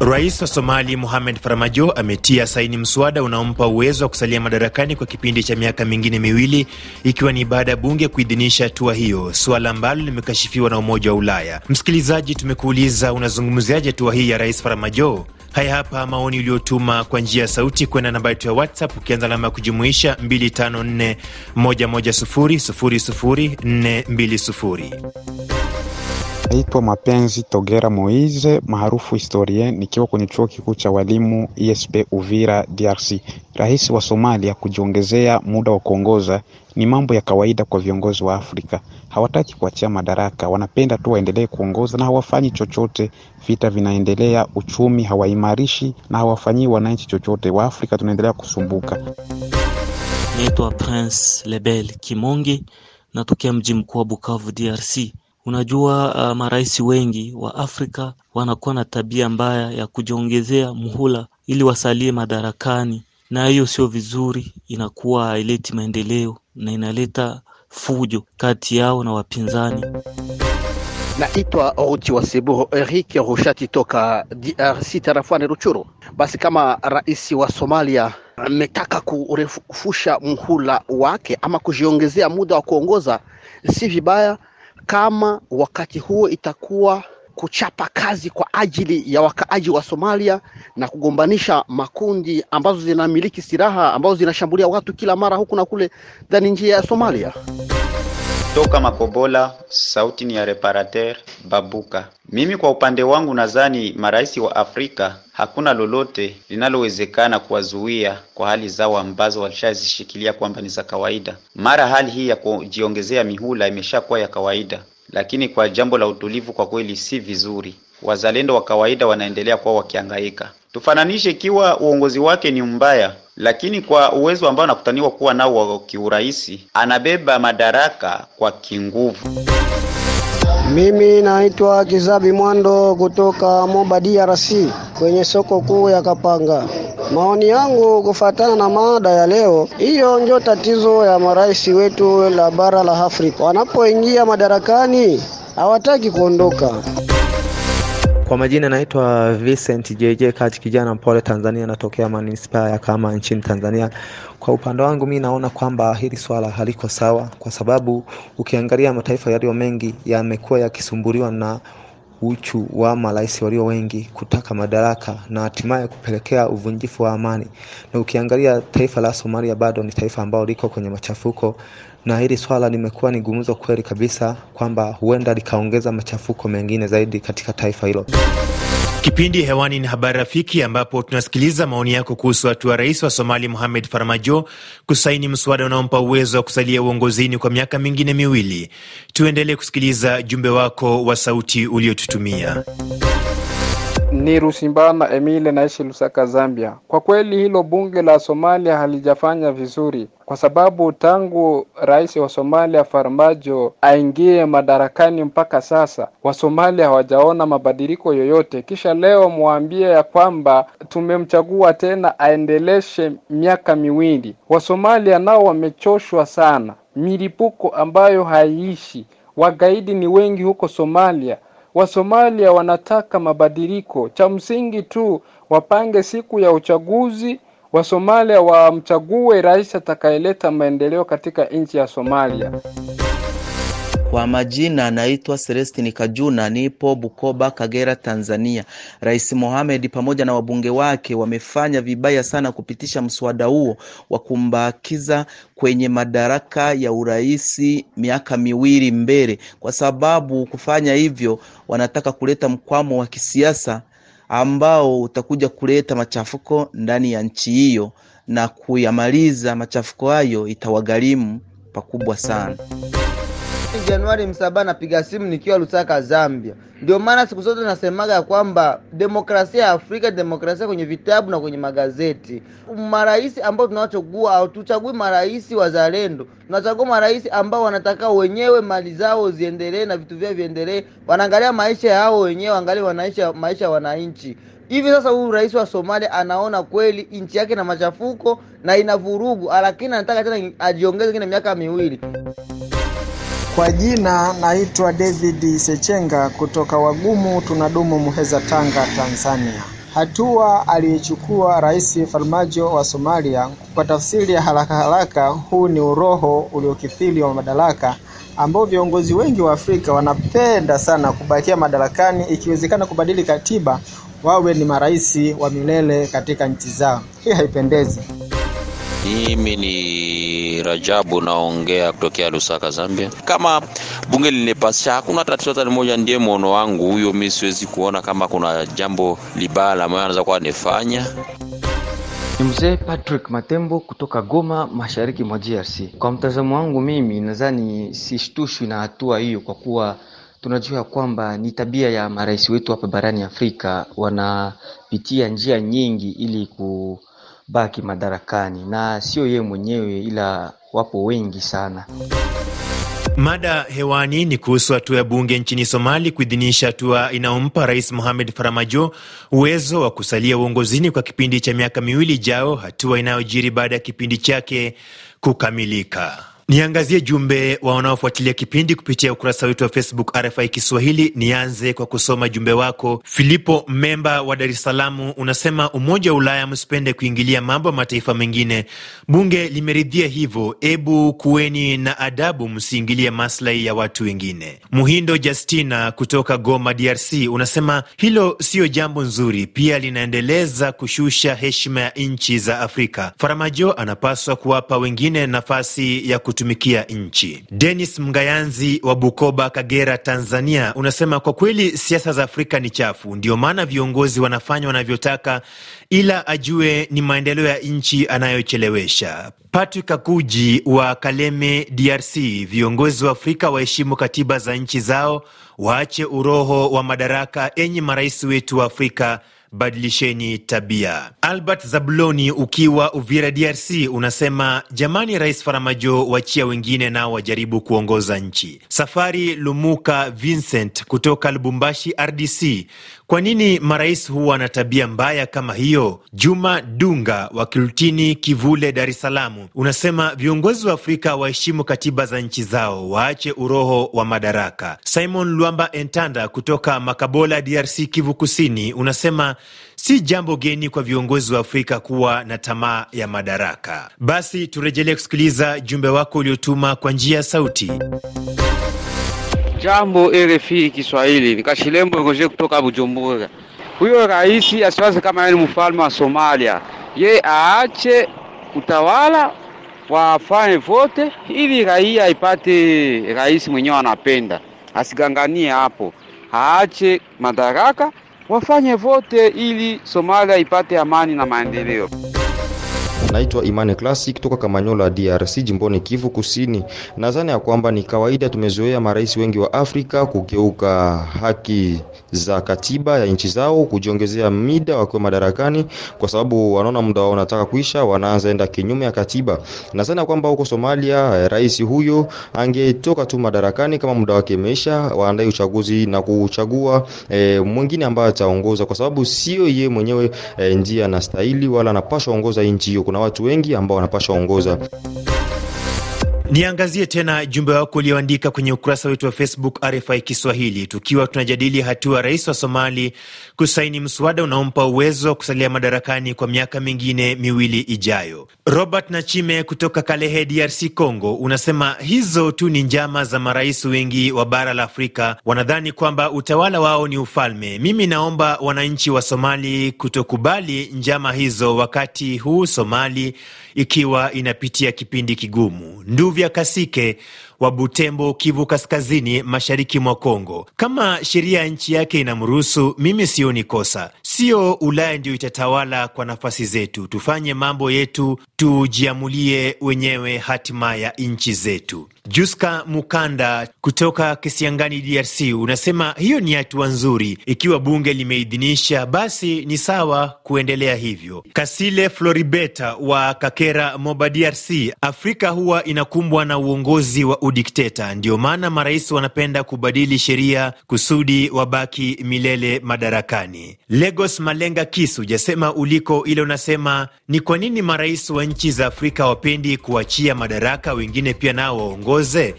Rais wa Somali Mohamed Farmajo ametia saini mswada unaompa uwezo wa kusalia madarakani kwa kipindi cha miaka mingine miwili ikiwa ni baada ya bunge kuidhinisha hatua hiyo, suala ambalo limekashifiwa na Umoja wa Ulaya. Msikilizaji, tumekuuliza unazungumziaje hatua hii ya Rais Farmajo? Haya hapa maoni uliotuma kwa njia ya sauti kwenda namba yetu ya WhatsApp ukianza alama ya kujumuisha 254110000420. Naitwa Mapenzi Togera Moize maarufu Historien, nikiwa kwenye chuo kikuu cha walimu ISP e Uvira, DRC. Rais wa Somalia kujiongezea muda wa kuongoza ni mambo ya kawaida kwa viongozi wa Afrika. Hawataki kuachia madaraka, wanapenda tu waendelee kuongoza na hawafanyi chochote. Vita vinaendelea, uchumi hawaimarishi na hawafanyii wananchi chochote. wa afrika tunaendelea kusumbuka. Naitwa Prince Lebel Kimongi, natokea mji mkuu wa Bukavu, DRC. Unajua uh, marais wengi wa Afrika wanakuwa na tabia mbaya ya kujiongezea muhula ili wasalie madarakani, na hiyo sio vizuri, inakuwa haileti maendeleo na inaleta fujo kati yao na wapinzani. Naitwa Ruti wa Sebu Eric Rushati toka DRC tarafani Ruchuru. Basi kama rais wa Somalia ametaka kurefusha muhula wake ama kujiongezea muda wa kuongoza, si vibaya kama wakati huo itakuwa kuchapa kazi kwa ajili ya wakaaji wa Somalia na kugombanisha makundi ambazo zinamiliki silaha ambazo zinashambulia watu kila mara huku na kule ndani njia ya Somalia. Toka Makobola, sauti ni ya Reparateur Babuka. Mimi kwa upande wangu nadhani marais wa Afrika hakuna lolote linalowezekana kuwazuia kwa hali zao ambazo walishazishikilia kwamba ni za kawaida. Mara hali hii ya kujiongezea mihula imeshakuwa ya kawaida, lakini kwa jambo la utulivu, kwa kweli si vizuri. Wazalendo wa kawaida wanaendelea kuwa wakihangaika. Tufananishe ikiwa uongozi wake ni mbaya, lakini kwa uwezo ambao anakutaniwa kuwa nao wa kiurahisi, anabeba madaraka kwa kinguvu. Mimi naitwa Kizabi Mwando kutoka Moba DRC kwenye soko kuu ya Kapanga. Maoni yangu kufuatana na mada ya leo, hiyo ndio tatizo ya marais wetu la bara la Afrika. Wanapoingia madarakani hawataki kuondoka. Kwa majina naitwa Vincent JJ kati kijana mpole Tanzania, natokea manispaa ya kama nchini Tanzania. Kwa upande wangu mi naona kwamba hili swala haliko sawa, kwa sababu ukiangalia mataifa yaliyo mengi yamekuwa yakisumbuliwa na uchu wa marais walio wengi kutaka madaraka na hatimaye kupelekea uvunjifu wa amani. Na ukiangalia taifa la Somalia bado ni taifa ambalo liko kwenye machafuko, na hili swala limekuwa ni gumzo kweli kabisa kwamba huenda likaongeza machafuko mengine zaidi katika taifa hilo. Kipindi hewani ni Habari Rafiki, ambapo tunasikiliza maoni yako kuhusu hatua rais wa Somali Mohamed Farmajo kusaini mswada unaompa uwezo wa kusalia uongozini kwa miaka mingine miwili. Tuendelee kusikiliza jumbe wako wa sauti uliotutumia. Ni Rusimbana Emile, naishi Lusaka, Zambia. Kwa kweli hilo bunge la Somalia halijafanya vizuri, kwa sababu tangu rais wa Somalia Farmajo aingie madarakani mpaka sasa Wasomalia hawajaona mabadiliko yoyote. Kisha leo mwambie ya kwamba tumemchagua tena aendeleshe miaka miwili. Wasomalia nao wamechoshwa sana, milipuko ambayo haiishi, wagaidi ni wengi huko Somalia. Wasomalia wanataka mabadiliko, cha msingi tu wapange siku ya uchaguzi Wasomalia wamchague rais atakayeleta maendeleo katika nchi ya Somalia. Kwa majina anaitwa Celestin Kajuna, nipo Bukoba, Kagera, Tanzania. Rais Mohamed pamoja na wabunge wake wamefanya vibaya sana kupitisha mswada huo wa kumbakiza kwenye madaraka ya urais miaka miwili mbele, kwa sababu kufanya hivyo wanataka kuleta mkwamo wa kisiasa ambao utakuja kuleta machafuko ndani ya nchi hiyo, na kuyamaliza machafuko hayo itawagharimu pakubwa sana mwezi Januari Msaba napiga simu nikiwa Lusaka, Zambia. Ndio maana siku zote nasemaga ya kwamba demokrasia ya Afrika, demokrasia kwenye vitabu na kwenye magazeti. Marais ambao tunawachagua, hatuchagui marais wazalendo, tunachagua marais ambao wanataka wenyewe mali zao ziendelee na vitu vyao viendelee, wanaangalia maisha yao wenyewe, angalia wanaisha maisha ya wananchi. Hivi sasa huyu rais wa Somalia anaona kweli nchi yake na machafuko na ina vurugu, lakini anataka tena ajiongeze kina miaka miwili. Kwa jina naitwa David Sechenga kutoka Wagumu tunadumu Muheza Tanga Tanzania. Hatua aliyechukua Rais Farmajo wa Somalia, kwa tafsiri ya haraka haraka, huu ni uroho uliokithiri wa madaraka ambao viongozi wengi wa Afrika wanapenda sana kubakia madarakani, ikiwezekana kubadili katiba wawe ni marais wa milele katika nchi zao. Hii haipendezi. Mimi ni Rajabu, naongea kutokea Lusaka, Zambia. Kama bunge lilinipasisha, hakuna tatizo hata limoja, ndiye mwono wangu huyo. Mi siwezi kuona kama kuna jambo libaya ambayo anaweza kuwa anifanya. Ni mzee Patrick Matembo kutoka Goma, mashariki mwa grc Kwa mtazamo wangu mimi, nadhani sishtushwi na hatua hiyo, kwa kuwa tunajua kwamba ni tabia ya marais wetu hapa barani Afrika, wanapitia njia nyingi ili ku baki madarakani, na sio yeye mwenyewe, ila wapo wengi sana. Mada hewani ni kuhusu hatua ya bunge nchini Somali kuidhinisha hatua inayompa Rais Mohamed faramajo uwezo wa kusalia uongozini kwa kipindi cha miaka miwili ijao, hatua inayojiri baada ya kipindi chake kukamilika. Niangazie jumbe wa wanaofuatilia kipindi kupitia ukurasa wetu wa Facebook RFI Kiswahili. Nianze kwa kusoma jumbe wako. Filipo Memba wa Dar es Salaam unasema Umoja wa Ulaya msipende kuingilia mambo ya mataifa mengine, bunge limeridhia hivyo, ebu kuweni na adabu, msiingilie maslahi ya watu wengine. Muhindo Justina kutoka Goma, DRC unasema hilo siyo jambo nzuri, pia linaendeleza kushusha heshima ya nchi za Afrika. Faramajo anapaswa kuwapa wengine nafasi ya kutu kuitumikia nchi. Denis Mgayanzi wa Bukoba, Kagera, Tanzania, unasema kwa kweli siasa za Afrika ni chafu, ndio maana viongozi wanafanya wanavyotaka, ila ajue ni maendeleo ya nchi anayochelewesha. Patrick Akuji wa Kaleme, DRC, viongozi wa Afrika waheshimu katiba za nchi zao, waache uroho wa madaraka. Enyi marais wetu wa Afrika, Badilisheni tabia. Albert Zabloni ukiwa Uvira, DRC, unasema jamani, Rais Faramajo wachia wengine nao wajaribu kuongoza nchi. Safari Lumuka Vincent kutoka Lubumbashi, RDC, kwa nini marais huwa na tabia mbaya kama hiyo? Juma Dunga wa Kilutini Kivule, Dar es Salaam, unasema viongozi wa Afrika waheshimu katiba za nchi zao, waache uroho wa madaraka. Simon lwamba Entanda kutoka Makabola, DRC, Kivu Kusini, unasema si jambo geni kwa viongozi wa Afrika kuwa na tamaa ya madaraka. Basi turejelee kusikiliza jumbe wako uliotuma kwa njia ya sauti. Jambo RFI Kiswahili, nikashilembo roje kutoka Bujumbura. Huyo rais asiwaze kama yeye ni mfalme wa Somalia, ye aache utawala wafanye vote ili raia ipate rais mwenyewe anapenda, asiganganie hapo, aache madaraka, wafanye vote ili Somalia ipate amani na maendeleo. Naitwa Imane Classic kutoka Kamanyola, DRC, jimboni Kivu Kusini. Nadhani ya kwamba ni kawaida, tumezoea marais wengi wa Afrika kugeuka haki za katiba ya nchi zao, kujiongezea mida wakiwa madarakani, kwa sababu wanaona muda wao unataka kuisha, wanaanza enda kinyume ya katiba. Nadhani ya kwamba huko Somalia eh, rais huyo angetoka tu madarakani kama muda wake imeisha, waandae uchaguzi na kuchagua e, eh, mwingine ambaye ataongoza, kwa sababu sio yeye mwenyewe e, eh, ndiye anastahili wala anapaswa kuongoza nchi hiyo. Kuna watu wengi ambao wanapaswa ongoza. Niangazie tena jumbe wako ulioandika kwenye ukurasa wetu wa Facebook RFI Kiswahili, tukiwa tunajadili hatua rais wa Somali kusaini mswada unaompa uwezo wa kusalia madarakani kwa miaka mingine miwili ijayo. Robert Nachime kutoka Kalehe, DRC Congo, unasema hizo tu ni njama za marais wengi wa bara la Afrika, wanadhani kwamba utawala wao ni ufalme. Mimi naomba wananchi wa Somali kutokubali njama hizo, wakati huu Somali ikiwa inapitia kipindi kigumu Nduvi vya Kasike wa Butembo, Kivu Kaskazini, mashariki mwa Kongo. Kama sheria ya nchi yake inamruhusu, mimi sioni kosa, sio Ulaya ndio itatawala kwa nafasi zetu. Tufanye mambo yetu, tujiamulie wenyewe hatima ya nchi zetu. Juska Mukanda kutoka Kisiangani, DRC, unasema hiyo ni hatua nzuri. Ikiwa bunge limeidhinisha, basi ni sawa kuendelea hivyo. Kasile Floribeta wa Kakera, Moba, DRC, Afrika huwa inakumbwa na uongozi wa udikteta, ndio maana marais wanapenda kubadili sheria kusudi wabaki milele madarakani. Lego Cosmos Malenga Kisu, hujasema uliko, ile unasema ni kwa nini marais wa nchi za Afrika wapendi kuachia madaraka wengine pia nao waongoze?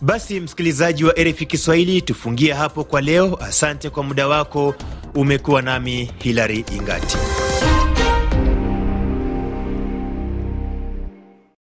Basi msikilizaji wa RFI Kiswahili, tufungie hapo kwa leo. Asante kwa muda wako. Umekuwa nami Hilary Ingati.